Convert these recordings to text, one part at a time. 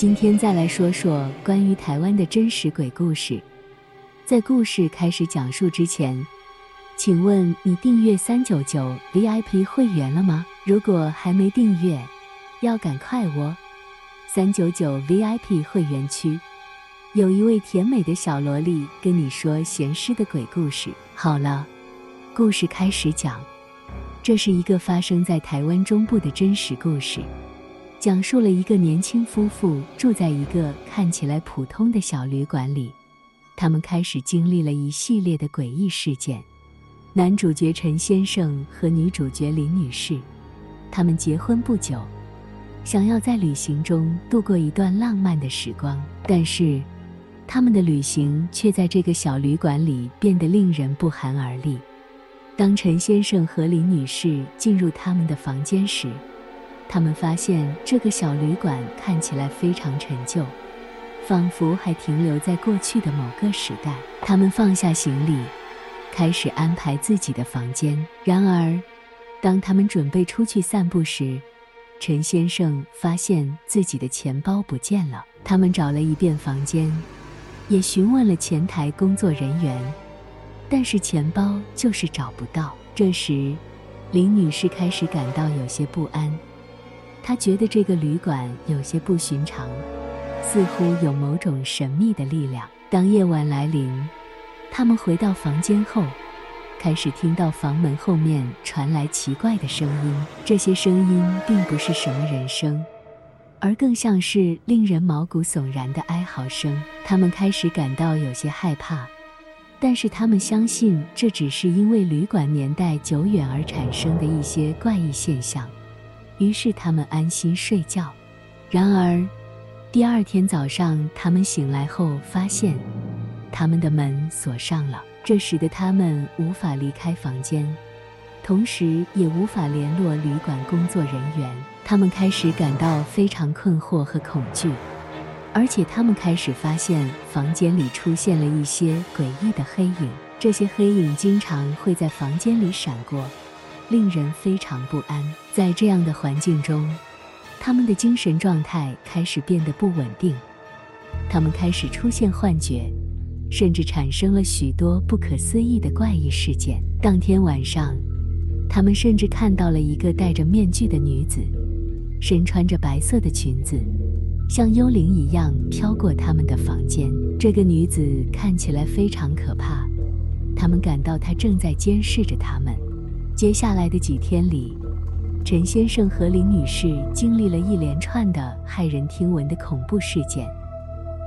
今天再來說說關於台灣的真實鬼故事。在故事開始講述之前，請問你訂閱三九九 VIP 會員了嗎？如果還沒訂閱，要趕快哦！三九九 VIP 會員區有一位甜美的小蘿莉跟你說閒適的鬼故事。好了，故事開始講。這是一個發生在台灣中部的真實故事。講述了一個年輕夫婦住在一個看起來普通的小旅館裡，他們開始經歷了一系列的詭異事件。男主角陳先生和女主角林女士，他們結婚不久，想要在旅行中度過一段浪漫的時光，但是他們的旅行卻在這個小旅館裡變得令人不寒而慄。當陳先生和林女士進入他們的房間時，他們發現這個小旅館看起來非常陳舊，仿佛還停留在過去的某個時代。他們放下行李，開始安排自己的房間。然而，當他們準備出去散步時，陳先生發現自己的錢包不見了。他們找了一遍房間，也詢問了前台工作人員，但是錢包就是找不到。這時，林女士開始感到有些不安。他覺得這個旅館有些不尋常，似乎有某種神祕的力量。當夜晚來臨，他們回到房間後，開始聽到房門後面傳來奇怪的聲音。這些聲音並不是什麼人聲，而更像是令人毛骨悚然的哀嚎聲。他們開始感到有些害怕，但是他們相信這只是因為旅館年代久遠而產生的一些怪異現象。於是他們安心睡覺。然而，第二天早上，他們醒來後發現，他們的門鎖上了，這使得他們無法離開房間，同時也無法聯絡旅館工作人員。他們開始感到非常困惑和恐懼，而且他們開始發現房間裡出現了一些詭異的黑影，這些黑影經常會在房間裡閃過。令人非常不安。在這樣的環境中，他們的精神狀態開始變得不穩定，他們開始出現幻覺，甚至產生了許多不可思議的怪異事件。當天晚上，他們甚至看到了一個戴着面具的女子，身穿着白色的裙子，像幽靈一樣飄過他們的房間。這個女子看起來非常可怕，他們感到她正在監視着他們。接下來的幾天裡，陳先生和林女士經歷了一連串的駭人聽聞的恐怖事件，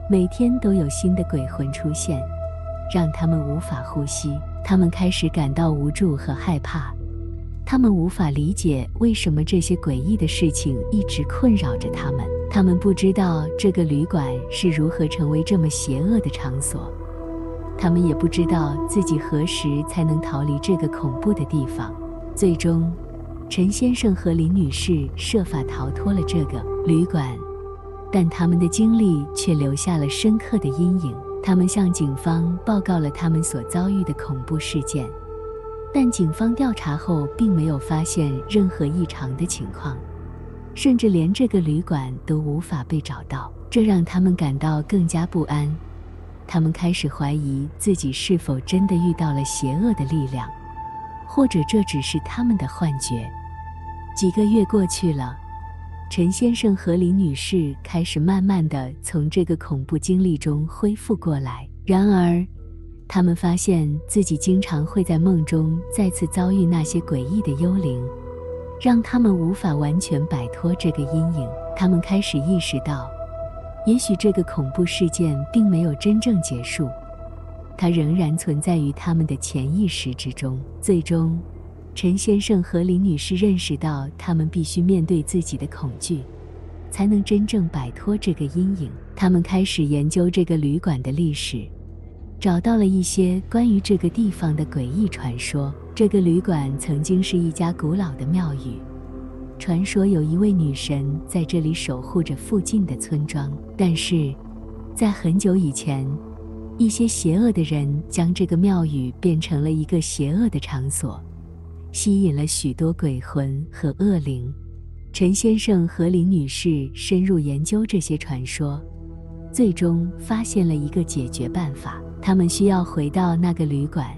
每天都有新的鬼魂出現，讓他們無法呼吸。他們開始感到無助和害怕，他們無法理解為什麼這些詭異的事情一直困擾着他們。他們不知道這個旅館是如何成為這麼邪惡的場所，他們也不知道自己何時才能逃離這個恐怖的地方。最終，陳先生和林女士設法逃脫了這個旅館，但他們的經歷卻留下了深刻的陰影。他們向警方報告了他們所遭遇的恐怖事件，但警方調查後並沒有發現任何異常的情況，甚至連這個旅館都無法被找到。這讓他們感到更加不安，他們開始懷疑自己是否真的遇到了邪惡的力量。或者這只是他們的幻覺。幾個月過去了，陳先生和林女士開始慢慢的從這個恐怖經歷中恢復過來。然而，他們發現自己經常會在夢中再次遭遇那些詭異的幽靈，讓他們無法完全擺脫這個陰影。他們開始意識到，也許這個恐怖事件並沒有真正結束。它仍然存在於他們的潛意識之中。最終，陳先生和林女士認識到，他們必須面對自己的恐懼，才能真正擺脫這個陰影。他們開始研究這個旅館的歷史，找到了一些關於這個地方的詭異傳說。這個旅館曾經是一家古老的廟宇，傳說有一位女神在這裡守護着附近的村莊。但是，在很久以前，一些邪惡的人將這個廟宇變成了一個邪惡的場所，吸引了許多鬼魂和惡靈。陳先生和林女士深入研究這些傳說，最終發現了一個解決辦法。他們需要回到那個旅館，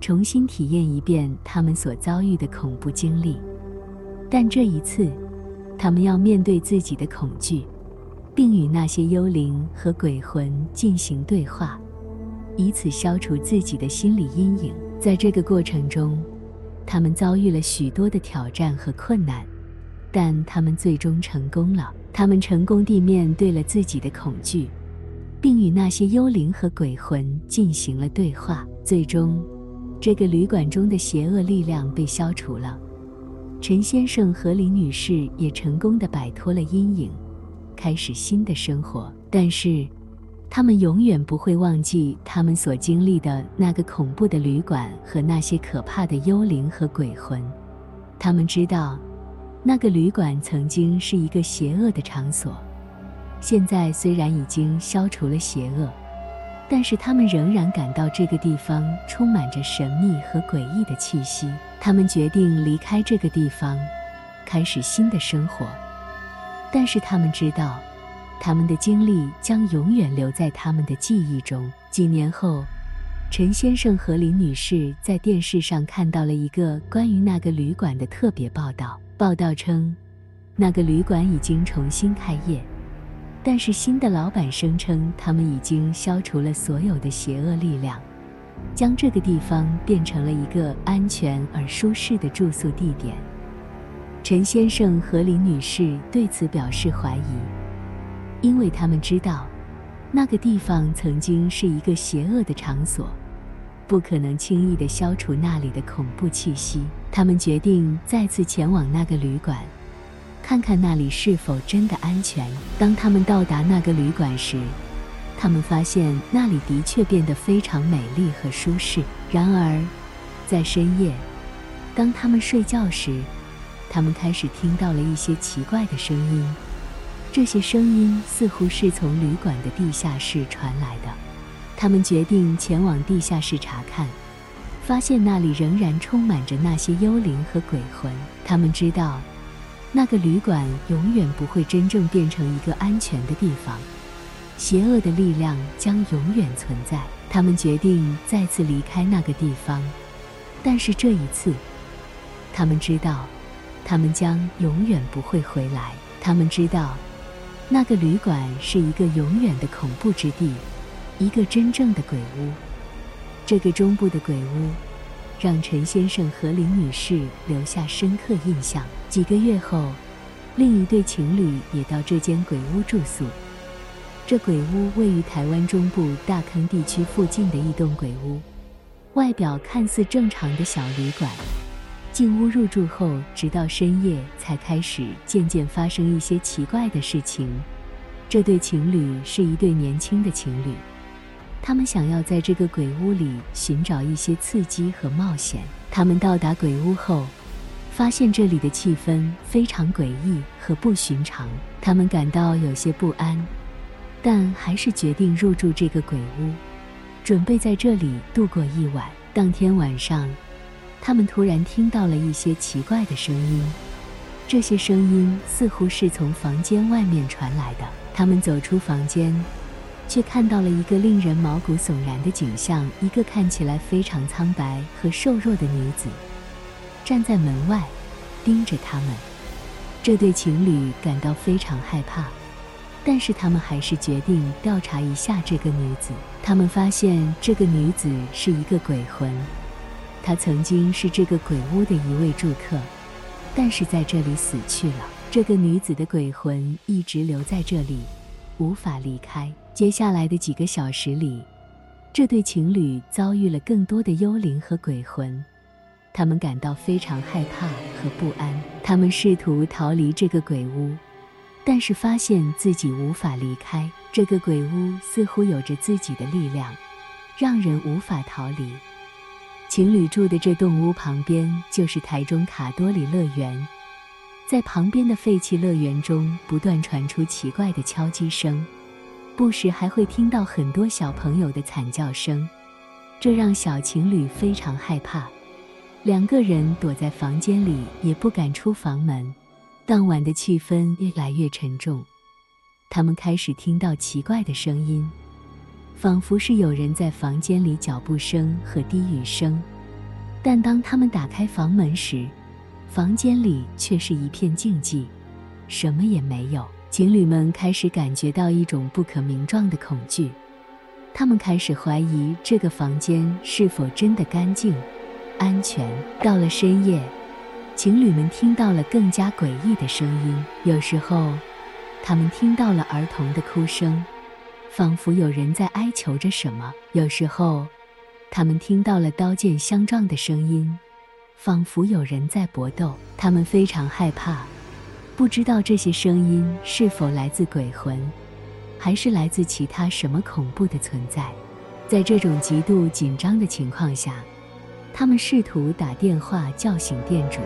重新體驗一遍他們所遭遇的恐怖經歷。但這一次，他們要面對自己的恐懼。並與那些幽靈和鬼魂進行對話，以此消除自己的心理陰影。在這個過程中，他們遭遇了許多的挑戰和困難，但他們最終成功了。他們成功地面對了自己的恐懼，並與那些幽靈和鬼魂進行了對話。最終，這個旅館中的邪惡力量被消除了。陳先生和李女士也成功地擺脫了陰影。開始新的生活，但是他們永遠不會忘記他們所經歷的那個恐怖的旅館和那些可怕的幽靈和鬼魂。他們知道，那個旅館曾經是一個邪惡的場所，現在雖然已經消除了邪惡，但是他們仍然感到這個地方充滿着神秘和詭異的氣息。他們決定離開這個地方，開始新的生活。但是他們知道，他們的經歷將永遠留在他們的記憶中。幾年後，陳先生和林女士在電視上看到了一個關於那個旅館的特別報道。報道稱，那個旅館已經重新開業，但是新的老闆聲稱他們已經消除了所有的邪惡力量，將這個地方變成了一個安全而舒適的住宿地點。陳先生和林女士對此表示懷疑，因為他們知道那個地方曾經是一個邪惡的場所，不可能輕易地消除那裡的恐怖氣息。他們決定再次前往那個旅館，看看那裡是否真的安全。當他們到達那個旅館時，他們發現那裡的確變得非常美麗和舒適。然而，在深夜，當他們睡覺時，他們開始聽到了一些奇怪的聲音，這些聲音似乎是從旅館的地下室傳來的。他們決定前往地下室查看，發現那裡仍然充滿着那些幽靈和鬼魂。他們知道，那個旅館永遠不會真正變成一個安全的地方，邪惡的力量將永遠存在。他們決定再次離開那個地方，但是這一次，他們知道。他們將永遠不會回來。他們知道，那個旅館是一個永遠的恐怖之地，一個真正的鬼屋。這個中部的鬼屋讓陳先生和林女士留下深刻印象。幾個月後，另一對情侶也到這間鬼屋住宿。這鬼屋位於台灣中部大坑地區附近的一棟鬼屋，外表看似正常的小旅館。進屋入住後，直到深夜才開始漸漸發生一些奇怪的事情。這對情侶是一對年輕的情侶，他們想要在這個鬼屋裡尋找一些刺激和冒險。他們到達鬼屋後，發現這裡的氣氛非常詭異和不尋常，他們感到有些不安，但還是決定入住這個鬼屋，準備在這裡度過一晚。當天晚上，他們突然聽到了一些奇怪的聲音，這些聲音似乎是從房間外面傳來的。他們走出房間，卻看到了一個令人毛骨悚然的景象：一個看起來非常蒼白和瘦弱的女子站在門外，盯着他們。這對情侶感到非常害怕，但是他們還是決定調查一下這個女子。他們發現這個女子是一個鬼魂。她曾經是這個鬼屋的一位住客，但是在這裡死去了。這個女子的鬼魂一直留在這裡，無法離開。接下來的幾個小時裡，這對情侶遭遇了更多的幽靈和鬼魂，他們感到非常害怕和不安。他們試圖逃離這個鬼屋，但是發現自己無法離開。這個鬼屋似乎有着自己的力量，讓人無法逃離。情侶住的這棟屋旁邊就是台中卡多里樂園，在旁邊的廢棄樂園中不斷傳出奇怪的敲擊聲，不時還會聽到很多小朋友的慘叫聲，這讓小情侶非常害怕，兩個人躲在房間裡也不敢出房門。當晚的氣氛越來越沉重，他們開始聽到奇怪的聲音。仿佛是有人在房間裡腳步聲和低語聲，但當他們打開房門時，房間裡卻是一片靜寂，什麼也沒有。情侶們開始感覺到一種不可名狀的恐懼，他們開始懷疑這個房間是否真的乾淨、安全。到了深夜，情侶們聽到了更加詭異的聲音，有時候，他們聽到了兒童的哭聲。仿佛有人在哀求着什麼。有時候，他們聽到了刀劍相撞的聲音，仿佛有人在搏鬥。他們非常害怕，不知道這些聲音是否來自鬼魂，還是來自其他什麼恐怖的存在。在這種極度緊張的情況下，他們試圖打電話叫醒店主，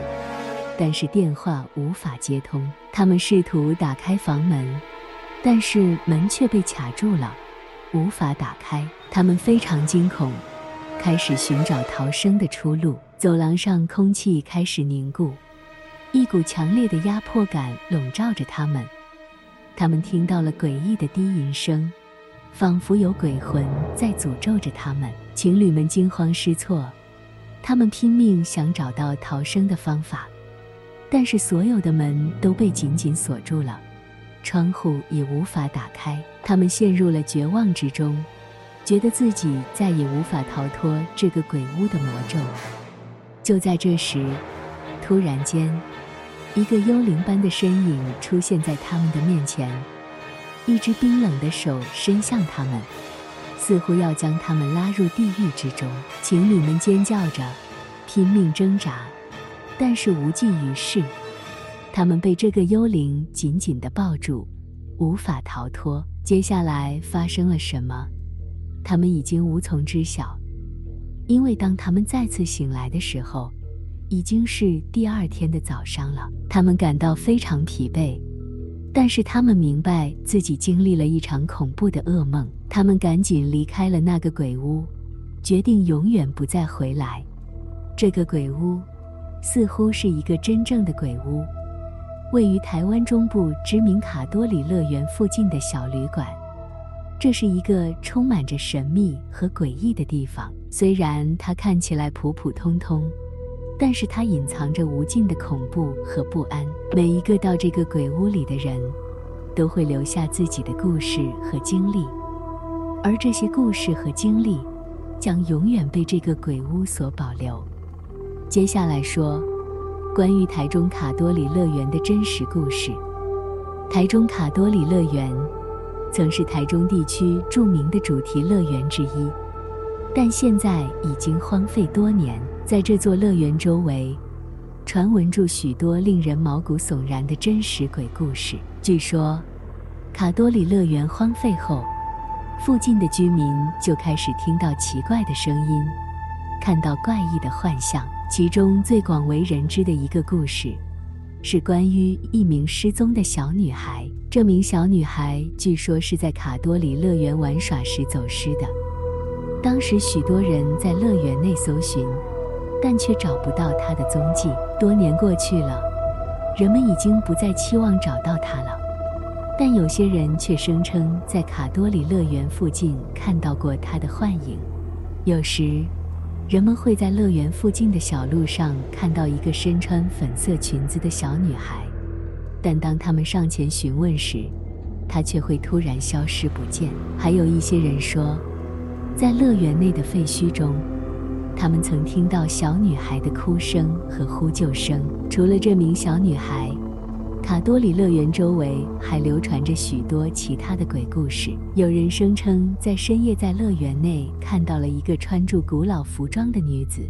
但是電話無法接通。他們試圖打開房門。但是門卻被卡住了，無法打開。他們非常驚恐，開始尋找逃生的出路。走廊上空氣開始凝固，一股強烈的壓迫感籠罩着他們。他們聽到了詭異的低吟聲，仿佛有鬼魂在詛咒着他們。情侶們驚慌失措，他們拼命想找到逃生的方法，但是所有的門都被緊緊鎖住了。窗戶也無法打開，他們陷入了絕望之中，覺得自己再也無法逃脫這個鬼屋的魔咒。就在這時，突然間，一個幽靈般的身影出現在他們的面前，一只冰冷的手伸向他們，似乎要將他們拉入地獄之中。情侶們尖叫着，拼命掙扎，但是無濟於事。他們被這個幽靈緊緊地抱住，無法逃脫。接下來發生了什麼？他們已經無從知曉，因為當他們再次醒來的時候，已經是第二天的早上了。他們感到非常疲憊，但是他們明白自己經歷了一場恐怖的噩夢。他們趕緊離開了那個鬼屋，決定永遠不再回來。這個鬼屋，似乎是一個真正的鬼屋。位於台灣中部知名卡多里樂園附近的小旅館，這是一個充滿着神秘和詭異的地方。雖然它看起來普普通通，但是它隱藏着無盡的恐怖和不安。每一個到這個鬼屋裡的人都會留下自己的故事和經歷，而這些故事和經歷將永遠被這個鬼屋所保留。接下來說。關於台中卡多里樂園的真實故事。台中卡多里樂園曾是台中地區著名的主題樂園之一，但現在已經荒廢多年。在這座樂園周圍，傳聞著許多令人毛骨悚然的真實鬼故事。據說，卡多里樂園荒廢後，附近的居民就開始聽到奇怪的聲音，看到怪異的幻象。其中最廣為人知的一個故事，是關於一名失蹤的小女孩。這名小女孩據說是在卡多里樂園玩耍時走失的。當時許多人在樂園內搜尋，但卻找不到她的蹤跡。多年過去了，人們已經不再期望找到她了。但有些人卻聲稱在卡多里樂園附近看到過她的幻影。有時……人們會在樂園附近的小路上看到一個身穿粉色裙子的小女孩，但當他們上前詢問時，她卻會突然消失不見。還有一些人說，在樂園內的廢墟中，他們曾聽到小女孩的哭聲和呼救聲。除了這名小女孩，卡多里樂園周圍還流傳着許多其他的鬼故事。有人聲稱，在深夜在樂園內看到了一個穿着古老服裝的女子，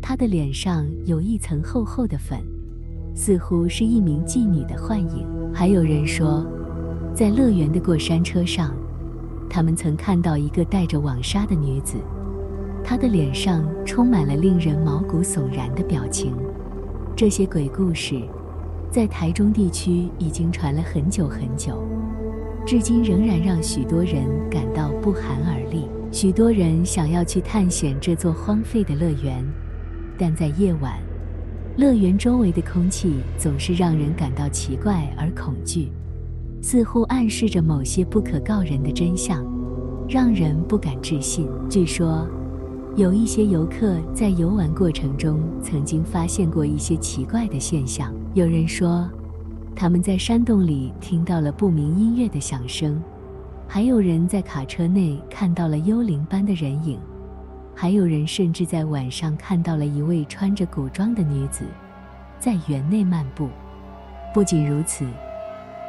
她的臉上有一層厚厚的粉，似乎是一名妓女的幻影。還有人說，在樂園的過山車上，他們曾看到一個戴着網紗的女子，她的臉上充滿了令人毛骨悚然的表情。這些鬼故事。在台中地區已經傳了很久很久，至今仍然讓許多人感到不寒而慄。許多人想要去探險這座荒廢的樂園，但在夜晚，樂園周圍的空氣總是讓人感到奇怪而恐懼，似乎暗示着某些不可告人的真相，讓人不敢置信。據說。有一些遊客在遊玩過程中曾經發現過一些奇怪的現象。有人說，他們在山洞裡聽到了不明音樂的響聲；還有人在卡車內看到了幽靈般的人影；還有人甚至在晚上看到了一位穿着古裝的女子在園內漫步。不僅如此，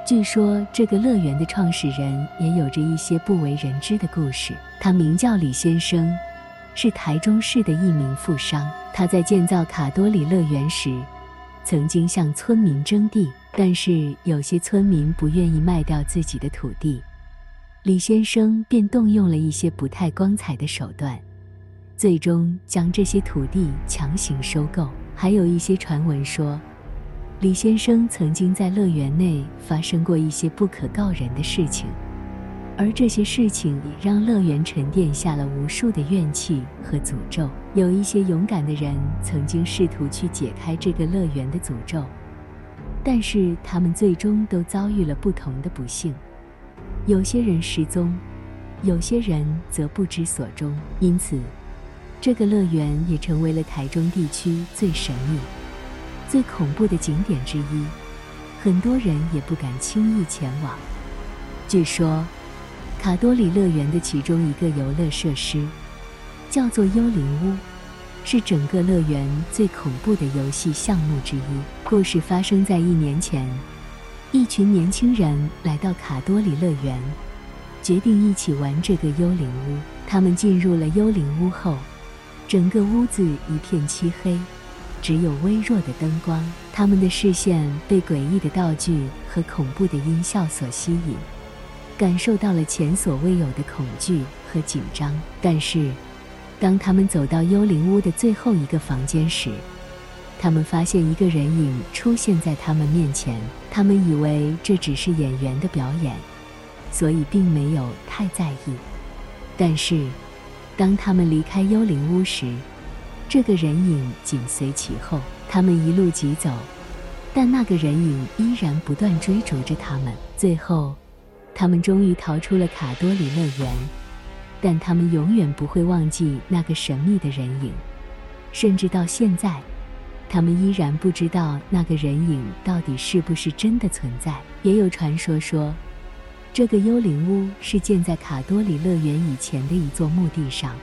據說這個樂園的創始人也有着一些不為人知的故事。他名叫李先生。是台中市的一名富商，他在建造卡多里樂園時，曾經向村民徵地，但是有些村民不願意賣掉自己的土地，李先生便動用了一些不太光彩的手段，最終將這些土地強行收購。還有一些傳聞說，李先生曾經在樂園內發生過一些不可告人的事情。而這些事情也讓樂園沉澱下了無數的怨氣和詛咒。有一些勇敢的人曾經試圖去解開這個樂園的詛咒，但是他們最終都遭遇了不同的不幸。有些人失蹤，有些人則不知所終。因此，這個樂園也成為了台中地區最神秘、最恐怖的景點之一。很多人也不敢輕易前往。據說。卡多里樂園的其中一個遊樂設施叫做“幽靈屋”，是整個樂園最恐怖的遊戲項目之一。故事發生在一年前，一群年輕人來到卡多里樂園，決定一起玩這個幽靈屋。他們進入了幽靈屋後，整個屋子一片漆黑，只有微弱的燈光。他們的視線被詭異的道具和恐怖的音效所吸引。感受到了前所未有的恐懼和緊張。但是，當他們走到幽靈屋的最後一個房間時，他們發現一個人影出現在他們面前。他們以為這只是演員的表演，所以並沒有太在意。但是，當他們離開幽靈屋時，這個人影緊隨其後。他們一路疾走，但那個人影依然不斷追逐着他們。最後，他們終於逃出了卡多里樂園，但他們永遠不會忘記那個神秘的人影，甚至到現在，他們依然不知道那個人影到底是不是真的存在。也有傳說說，這個幽靈屋是建在卡多里樂園以前的一座墓地上。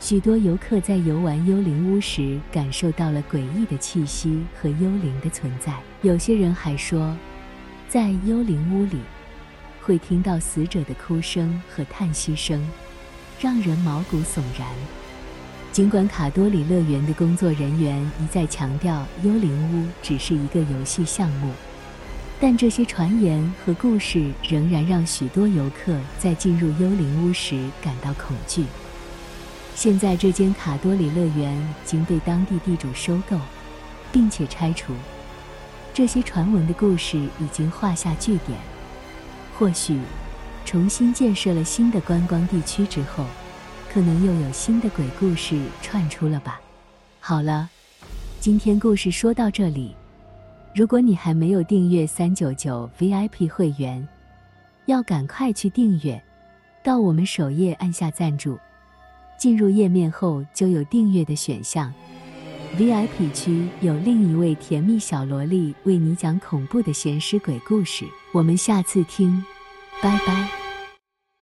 許多遊客在遊玩幽靈屋時，感受到了詭異的氣息和幽靈的存在。有些人還說，在幽靈屋裡，會聽到死者的哭聲和嘆息聲，讓人毛骨悚然。儘管卡多里樂園的工作人員一再強調，幽靈屋只是一個遊戲項目，但這些傳言和故事仍然讓許多遊客在進入幽靈屋時感到恐懼。現在，這間卡多里樂園已經被當地地主收購，並且拆除。這些傳聞的故事已經畫下句點。或許，重新建設了新的觀光地區之後，可能又有新的鬼故事串出了吧。好了，今天故事說到這裡。如果你還沒有訂閱三九九 VIP 會員，要趕快去訂閱。到我們首頁按下贊助，進入頁面後就有訂閱的選項。VIP 區有另一位甜蜜小蘿莉為你講恐怖的鹹濕鬼故事。我們下次聽，拜拜。